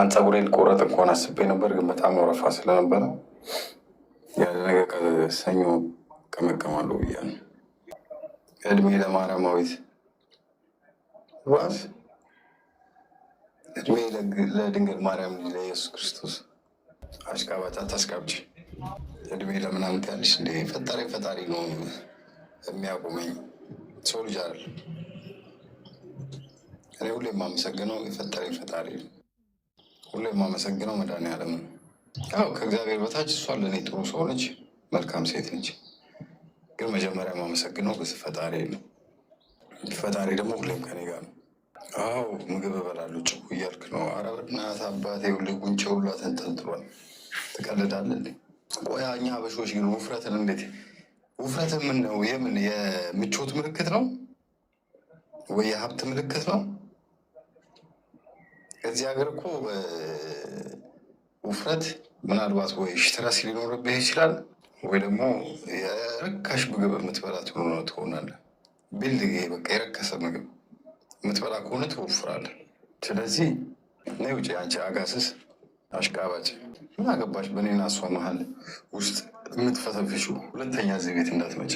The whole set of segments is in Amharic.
አንድ ፀጉሬን ልቆረጥ እንኳን አስቤ ነበር፣ ግን በጣም ወረፋ ስለነበረ ያለ ነገር ሰኞ ቀመቀማለሁ ብያለሁ። እድሜ ለማርያማዊት ባስ እድሜ ለድንግል ማርያም ልጅ ለኢየሱስ ክርስቶስ አሽቃባጭ ታስቀብች እድሜ ለምናምን ያለች እንደ ፈጣሪ ፈጣሪ ነው የሚያቆመኝ ሰው ልጅ አይደል። እኔ ሁሌ የማመሰግነው የፈጠረኝ ፈጣሪ ነው። ሁሉ የማመሰግነው መድኃኒዓለም ነው። ያው ከእግዚአብሔር በታች እሷ ለእኔ ጥሩ ሰው ነች፣ መልካም ሴት ነች። ግን መጀመሪያ የማመሰግነው በዚህ ፈጣሪ ነው። ፈጣሪ ደግሞ ሁሌም ከኔ ጋር ነው። አዎ ምግብ እበላለሁ ጭቁ እያልክ ነው። ኧረ በእናትህ አባቴ ሁሌ ጉንጭ ሁሉ ተንጠልጥሏል። ትቀልዳለህ። ቆይ እኛ ሀበሾች ግን ውፍረትን እንዴት ውፍረትን ምን ነው? የምን የምቾት ምልክት ነው ወይ የሀብት ምልክት ነው? እዚህ ሀገር እኮ ውፍረት ምናልባት ወይ ሽትረስ ሊኖርብህ ይችላል ወይ ደግሞ የረካሽ ምግብ የምትበላ ትሆነ ትሆናለ ቢልድ በቃ የረከሰ ምግብ የምትበላ ከሆነ ትወፍራለህ። ስለዚህ ነይ ውጭ አንቺ አጋስስ አሽቃባጭ ምን አገባሽ በእኔና እሷ መሀል ውስጥ የምትፈተፍሹ ሁለተኛ እዚህ ቤት እንዳትመጪ።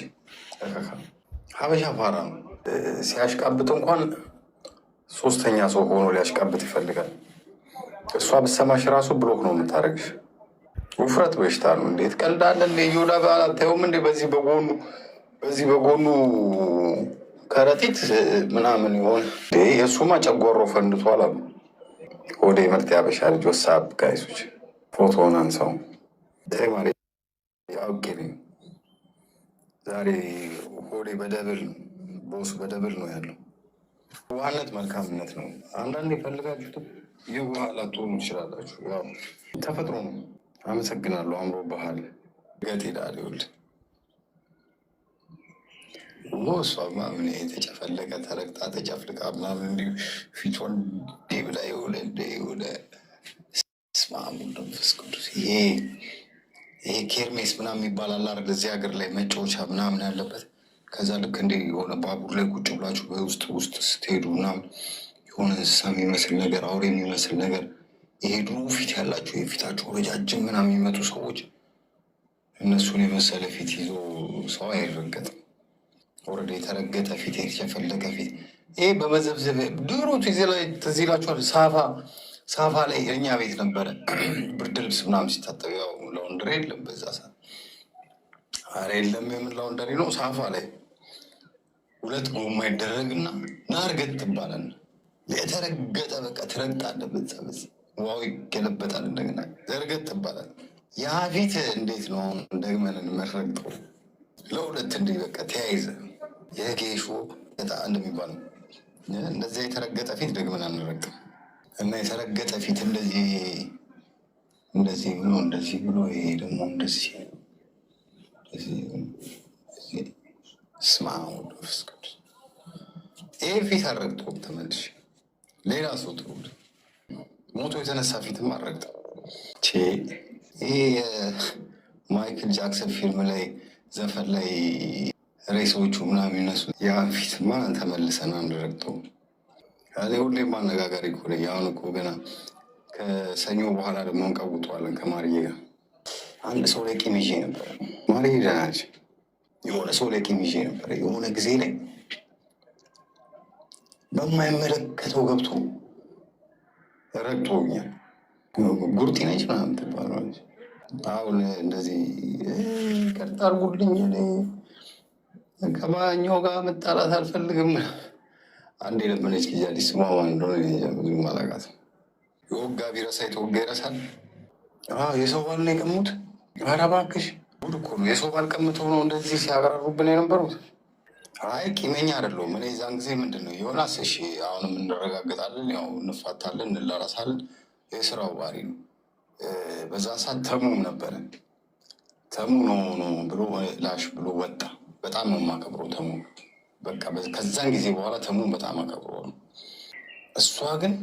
ሀበሻ ፋራ ነው ሲያሽቃብጥ እንኳን ሶስተኛ ሰው ሆኖ ሊያሽቃብጥ ይፈልጋል። እሷ ብሰማሽ ራሱ ብሎክ ነው የምታደርግሽ። ውፍረት በሽታ ነው። እንዴት ቀልድ አለ እንዴ? እንዴ? በዚህ በጎኑ በዚህ በጎኑ ከረጢት ምናምን ይሆን የእሱማ ጨጓሮ ፈንድቷል አሉ። ወደ ምርጥ ያበሻ ልጅ ወሳብ ጋይሶች ፎቶውን አንሳው አውቄ ዛሬ ሆዴ በደብል ቦስ በደብል ነው ያለው የዋህነት መልካምነት ነው። አንዳንድ የፈልጋችሁትም የዋህ ላትሆኑ ትችላላችሁ። ተፈጥሮ ነው። አመሰግናለሁ። አምሮ ባህል ገጤ ዳል ይወልድ እሷማ ምን የተጨፈለቀ ተረግጣ ተጨፍልቃ ምናምን እንዲሁ ፊቷን ብላ የሆነ የሆነ ስመ አብ ወወልድ ወመንፈስ ቅዱስ ይሄ ይሄ ኬርሜስ ምናምን ይባላል አይደል? እዚህ ሀገር ላይ መጫወቻ ምናምን ያለበት ከዛ ልክ እንደ የሆነ ባቡር ላይ ቁጭ ብላችሁ በውስጥ ውስጥ ስትሄዱ እና የሆነ እንስሳ የሚመስል ነገር አውሬ የሚመስል ነገር የሄዱ ፊት ያላቸው የፊታቸው ረጃጅም ምናምን የሚመጡ ሰዎች እነሱን የመሰለ ፊት ይዞ ሰው አይረገጥም። ወረደ የተረገጠ ፊት የተፈለገ ፊት ይሄ በመዘብዘብ ድሮ ትዝ ሳፋ ሳፋ ላይ እኛ ቤት ነበረ ብርድ ልብስ ምናምን ሲታጠብ ያው የለም በዛ ሰዓት። ኧረ የለም የምን ነው ሳፋ ላይ ሁለት ጎማ ይደረግና ና እርገጥ ትባላል። የተረገጠ በቃ ትረግጣለህ። በዛ በዛ ዋው ይገለበጣል። እንደገና ዘርገት ትባላል። ያ ፊት እንዴት ነው ደግመን እንመረግጠው? ለሁለት እንዲህ በቃ ተያይዘ የጌሾ ጣ እንደሚባል እንደዚያ የተረገጠ ፊት ደግመን አንረግጥም እና የተረገጠ ፊት እንደዚህ እንደዚህ ብሎ እንደዚህ ብሎ ይሄ ደግሞ እንደዚህ ስማ መንፈስ ቅዱስ ይህ ፊት አረግጠው ተመልሽ ሌላ ሰው ሞቶ የተነሳ ፊትም አረግጠው። የማይክል ጃክሰን ፊልም ላይ ዘፈን ላይ ሬሶቹ ምናምን ይነሱ ተመልሰን አንረግጠው። እኔ አሁን እኮ ገና ከሰኞ በኋላ ደግሞ እንቀውጠዋለን ከማርዬ ጋር አንድ ሰው ላይ ቂም ይዤ ነበር። ማርዬ ደህና ነች። የሆነ ሰው ላይ ቂም ይዤ ነበረ። የሆነ ጊዜ ላይ በማይመለከተው ገብቶ ረግጦኛል። ጉርጢ ነች ምናምን ትባላለች። አሁን እንደዚህ ይቅርታ አድርጉልኝ፣ ከማኛው ጋር መጣላት አልፈልግም። አንድ የለመነች ጊዜ አዲስ ማማ እንደሆነ ብዙ ማላቃት የወጋ ቢረሳ የተወጋ ይረሳል። የሰው ባል ነው የቀሙት። ኧረ እባክሽ ጉድ እኮ ነው። የሰው ባልቀምቶ ነው እንደዚህ ሲያበራሩብን የነበሩት። አይ ቂመኛ አይደለሁም እኔ። እዛን ጊዜ ምንድን ነው ዮናስ፣ እሺ አሁንም እንረጋገጣለን፣ ያው እንፋታለን፣ እንላራሳለን። የስራው ባህሪ ነው። በዛን ሰዓት ተሙም ነበረ። ተሙ ነው ነው ብሎ ላሽ ብሎ ወጣ። በጣም ነው የማከብረው ተሙ። በቃ ከዛን ጊዜ በኋላ ተሙን በጣም አከብረው ነው። እሷ ግን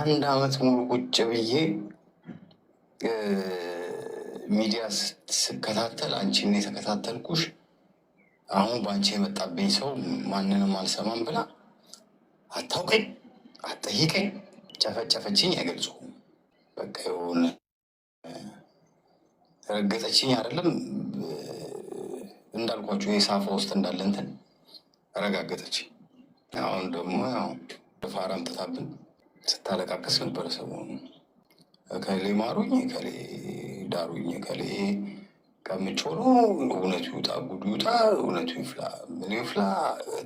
አንድ አመት ሙሉ ቁጭ ብዬ ሚዲያ ስከታተል አንቺን የተከታተልኩሽ አሁን በአንቺ የመጣብኝ ሰው ማንንም አልሰማም ብላ አታውቀኝ፣ አትጠይቀኝ፣ ጨፈጨፈችኝ። አይገልጽኩም። በቃ የሆነ ረገጠችኝ። አይደለም እንዳልኳቸው የሳፋ ውስጥ እንዳለ እንትን ረጋገጠችኝ። አሁን ደግሞ ያው ፋራም ትታብን ስታለቃቀስ ነበረ ሰሞኑን እከሌ ማሩኝ፣ እከሌ ዳሩኝ፣ እከሌ ቀምጮ ነው። እውነቱ ይውጣ፣ ጉዱ ይውጣ፣ እውነቱ ይፍላ፣ ምን ይፍላ።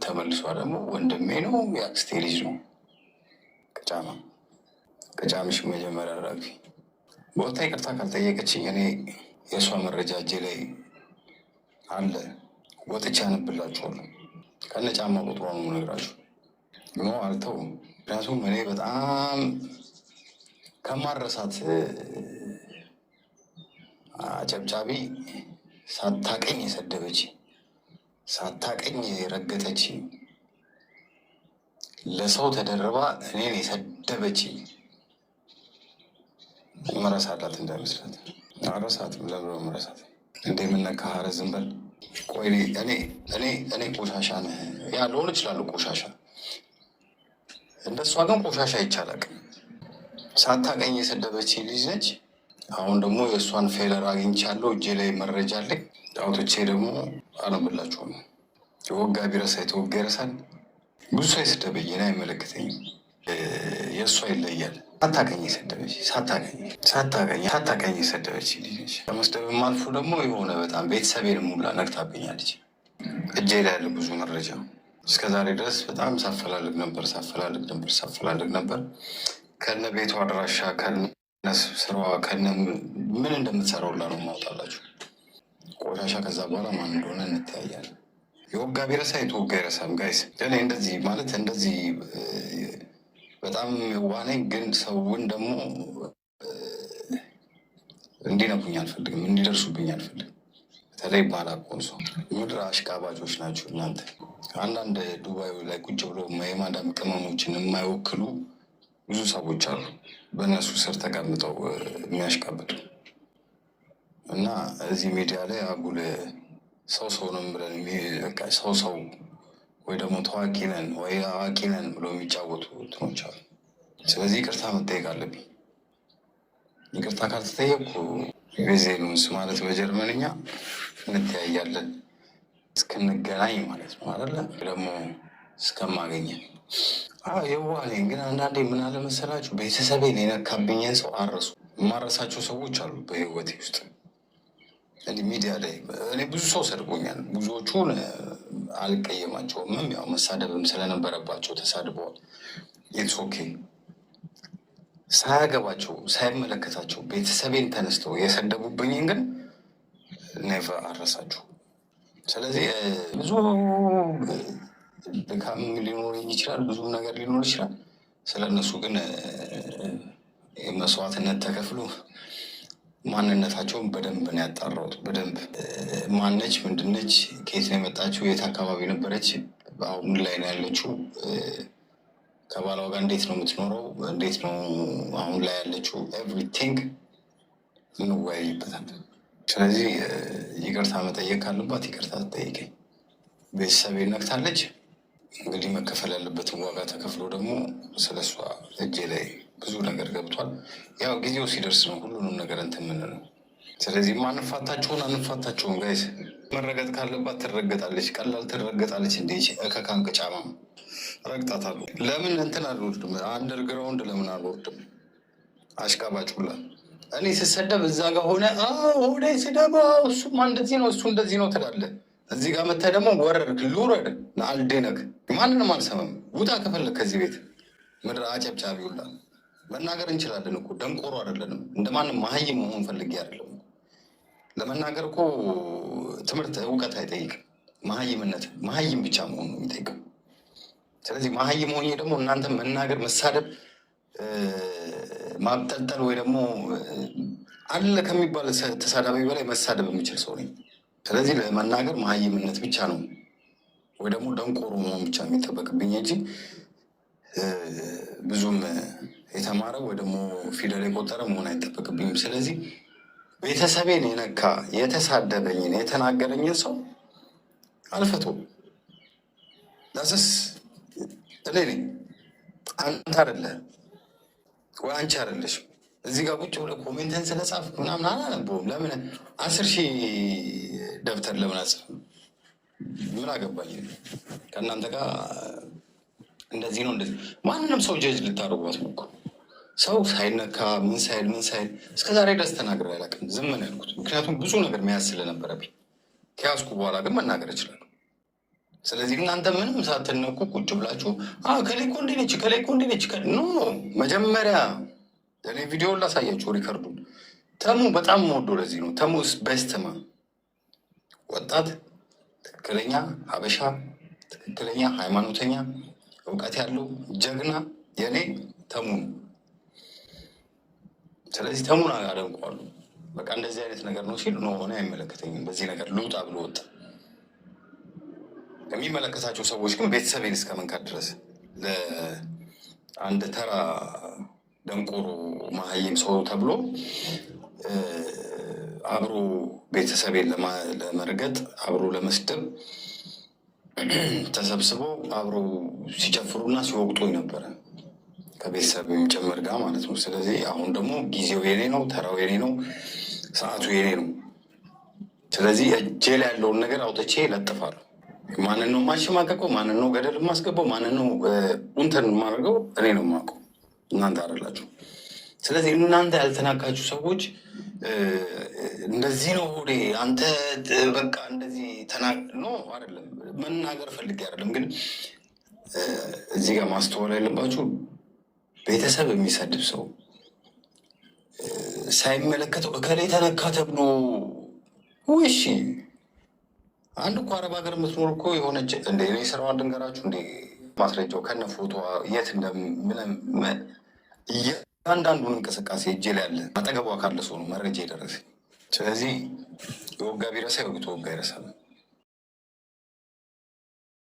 ተመልሷ ደግሞ ወንድሜ ነው፣ የአክስቴ ልጅ ነው። ቅጫማ ቅጫምሽ መጀመሪያ ራፊ ቦታ ይቅርታ ካልጠየቀችኝ እኔ የእሷ መረጃ እጄ ላይ አለ። ወጥቼ አነብላችኋለሁ። ከነ ጫማ ቁጥሯ ነው የምነግራችሁ። ኖ አልተውም። ምክንያቱም እኔ በጣም ከማረሳት አጨብጫቢ ሳታቀኝ የሰደበች ሳታቀኝ የረገጠች ለሰው ተደርባ እኔን የሰደበች መረሳላት እንዳይመስላት አረሳት ለምለ መረሳት እንደ የምነካ ኧረ ዝም በል ቆይ። እኔ ቆሻሻ ነህ ያ ልሆን እችላለሁ። ቆሻሻ እንደሷ ግን ቆሻሻ ይቻላል። ሳታገኝ የሰደበች ልጅ ነች። አሁን ደግሞ የእሷን ፌለር አግኝቻለሁ። እጄ ላይ መረጃ አለኝ። አውቶቼ ደግሞ አነብላችሁም። የወጋ ቢረሳ የተወጋ ይረሳል። ብዙ ሰው የሰደበኝን አይመለከተኝም። የእሷ ይለያል። ሳታገኝ የሰደበች ሳታቀኝ የሰደበች ልጅ ነች። ከመስደብም አልፎ ደግሞ የሆነ በጣም ቤተሰቤን ሙላ ነግታብኛለች። እጄ ላይ ያለ ብዙ መረጃ እስከዛሬ ድረስ በጣም ሳፈላልግ ነበር ሳፈላልግ ነበር ሳፈላልግ ነበር ከነ ቤቷ አድራሻ ከነ ስሯ ከነ ምን እንደምትሰራው ላ ነው ማውጣላችሁ። ቆሻሻ ከዛ በኋላ ማን እንደሆነ እንተያያለን። የወጋ ቢረሳ የተወጋ አይረሳም። ጋይስ እኔ እንደዚህ ማለት እንደዚህ በጣም ዋነኝ ግን ሰውን ደግሞ እንዲነኩኝ አልፈልግም፣ እንዲደርሱብኝ አልፈልግም። በተለይ ባላቆን ሰው ምድር አሽቃባጮች ናቸው እናንተ አንዳንድ ዱባዩ ላይ ቁጭ ብሎ የማዳም ቅመሞችን የማይወክሉ ብዙ ሰዎች አሉ በእነሱ ስር ተቀምጠው የሚያሽቀብጡ እና እዚህ ሚዲያ ላይ አጉል ሰው ሰው ነው ብለን ሰው ሰው ወይ ደግሞ ታዋቂ ነን ወይ አዋቂ ነን ብሎ የሚጫወቱ እንትኖች አሉ። ስለዚህ ይቅርታ መጠየቅ አለብኝ። ይቅርታ ካልተጠየቅኩ ቤዜሉንስ ማለት በጀርመንኛ እንተያያለን እስክንገናኝ ማለት ነው አለ ደግሞ እስከማገኘን የዋ ግን አንዳንዴ ምን አለመሰላችሁ ቤተሰቤን የነካብኝን ሰው አረሱ የማረሳቸው ሰዎች አሉ በህይወቴ ውስጥ እንዲህ ሚዲያ ላይ እኔ ብዙ ሰው ሰድቦኛል። ብዙዎቹን አልቀየማቸውም ያው መሳደብም ስለነበረባቸው ተሳድበዋል። ኢትስ ኦኬ። ሳያገባቸው ሳይመለከታቸው ቤተሰቤን ተነስተው የሰደቡብኝን ግን ኔቨር አረሳቸው። ስለዚህ ብዙ ድካም ሊኖር ይችላል፣ ብዙም ነገር ሊኖር ይችላል። ስለ እነሱ ግን መስዋዕትነት ተከፍሎ ማንነታቸውን በደንብ ነው ያጣራሁት። በደንብ ማነች፣ ምንድነች፣ ከየት ነው የመጣችው፣ የት አካባቢ ነበረች፣ አሁን ላይ ነው ያለችው፣ ከባሏ ጋር እንዴት ነው የምትኖረው፣ እንዴት ነው አሁን ላይ ያለችው፣ ኤቭሪቲንግ እንወያይበታል። ስለዚህ ይቅርታ መጠየቅ ካለባት ይቅርታ ትጠይቀኝ። ቤተሰብ ነክታለች። እንግዲህ መከፈል ያለበትን ዋጋ ተከፍሎ ደግሞ ስለሷ እጄ ላይ ብዙ ነገር ገብቷል። ያው ጊዜው ሲደርስ ነው ሁሉንም ነገር እንትን የምንለው። ስለዚህ አንፋታቸውን አንፋታቸውን ጋይስ መረገጥ ካለባት ትረገጣለች። ቀላል ትረገጣለች። እንደ እከካን ቅጫማም ረግጣታለሁ። ለምን እንትን አልወርድም? አንደርግራውንድ ለምን አልወርድም? አሽቃባጭ እኔ ስሰደብ እዛ ጋር ሆነ ሆነ ስደባ እሱማ እንደዚህ ነው እሱ እንደዚህ ነው ትላለህ። እዚህ ጋር መታይ ደግሞ ወረድክ፣ ልውረድ አልደነግ ማንንም አልሰማም። ውጣ ከፈለግ ከዚህ ቤት ምድር አጨብጫቢ ሁላ መናገር እንችላለን እኮ ደንቆሮ አይደለንም። እንደማንም መሀይም መሆን ፈልጌ አይደለም። ለመናገር እኮ ትምህርት እውቀት አይጠይቅም። መሀይምነት መሀይም ብቻ መሆን ነው የሚጠይቀው። ስለዚህ መሀይም ሆኜ ደግሞ እናንተ መናገር፣ መሳደብ፣ ማብጠልጠል ወይ ደግሞ አለ ከሚባል ተሳዳቢ በላይ መሳደብ የሚችል ሰው ነኝ። ስለዚህ ለመናገር መሀይምነት ብቻ ነው ወይ ደግሞ ደንቆሮ መሆን ብቻ የሚጠበቅብኝ እንጂ ብዙም የተማረ ወይ ደግሞ ፊደል የቆጠረ መሆን አይጠበቅብኝም። ስለዚህ ቤተሰቤን የነካ የተሳደበኝን የተናገረኝን ሰው አልፈቶ ዳስስ እኔ ነኝ፣ አንተ አደለ ወይ አንቺ አደለሽ። እዚህ ጋር ቁጭ ብለ ኮሜንትን ስለጻፍ ምናምን አላነበውም። ለምን አስር ሺህ ደብተር ለምን አጽፍም? ምን አገባኝ? ከእናንተ ጋር እንደዚህ ነው እንደዚህ። ማንም ሰው ጀጅ ልታደርጉ አትሞክሩ። ሰው ሳይነካ ምን ሳይል ምን ሳይል እስከ ዛሬ ደስ ተናግሬ አላውቅም። ዝም ነው ያልኩት፣ ምክንያቱም ብዙ ነገር መያዝ ስለነበረብኝ። ከያዝኩ በኋላ ግን መናገር እችላለሁ። ስለዚህ እናንተ ምንም ሳትነኩ ቁጭ ብላችሁ ከሌኮ እንዲነች ከሌኮ እንዲነች ኖ መጀመሪያ ለእኔ ቪዲዮ ላሳያችሁ ሪከርዱን ተሙ በጣም መወዶ ለዚህ ነው ተሙስ በስተማ ወጣት ትክክለኛ ሀበሻ ትክክለኛ ሃይማኖተኛ እውቀት ያለው ጀግና የኔ ተሙን ስለዚህ ተሙን አደንቀዋለሁ። በቃ እንደዚህ አይነት ነገር ነው ሲል ነው ሆነ አይመለከተኝም፣ በዚህ ነገር ልውጣ ብሎ ወጣ። የሚመለከታቸው ሰዎች ግን ቤተሰቤን እስከ መንካት ድረስ ለአንድ ተራ ደንቆሮ መሀይም ሰው ተብሎ አብሮ ቤተሰቤን ለመርገጥ አብሮ ለመስደብ ተሰብስበው አብሮ ሲጨፍሩና ሲወቅጡኝ ነበረ ከቤተሰብ ጭምር ጋር ማለት ነው። ስለዚህ አሁን ደግሞ ጊዜው የኔ ነው፣ ተራው የኔ ነው፣ ሰዓቱ የኔ ነው። ስለዚህ እጄ ላይ ያለውን ነገር አውጥቼ ለጥፋለሁ። ማንን ነው ማሸማቀቀው? ማንን ነው ገደል የማስገባው? ማንን ነው እንትን የማደርገው? እኔ ነው የማውቀው፣ እናንተ አይደላችሁ። ስለዚህ እናንተ ያልተናቃችሁ ሰዎች እንደዚህ ነው ሆዴ አንተ በቃ እንደዚህ ተና ነው አይደለም መናገር ፈልጌ አይደለም፣ ግን እዚህ ጋር ማስተዋል ያለባችሁ ቤተሰብ የሚሰድብ ሰው ሳይመለከተው እከሌ ተነካ ተብሎ ውሽ አንድ እኮ አረብ ሀገር የምትኖር እኮ የሆነች እንደ እኔ ድንገራችሁ እንደ ማስረጃው ከነ ፎቶ የት እንደምን አንዳንዱን እንቅስቃሴ እጄ ላይ ያለ አጠገቧ ካለ ሰው ነው መረጃ የደረሰኝ። ስለዚህ የወጋ ቢረሳ የወግቶ ወጋ ይረሳል።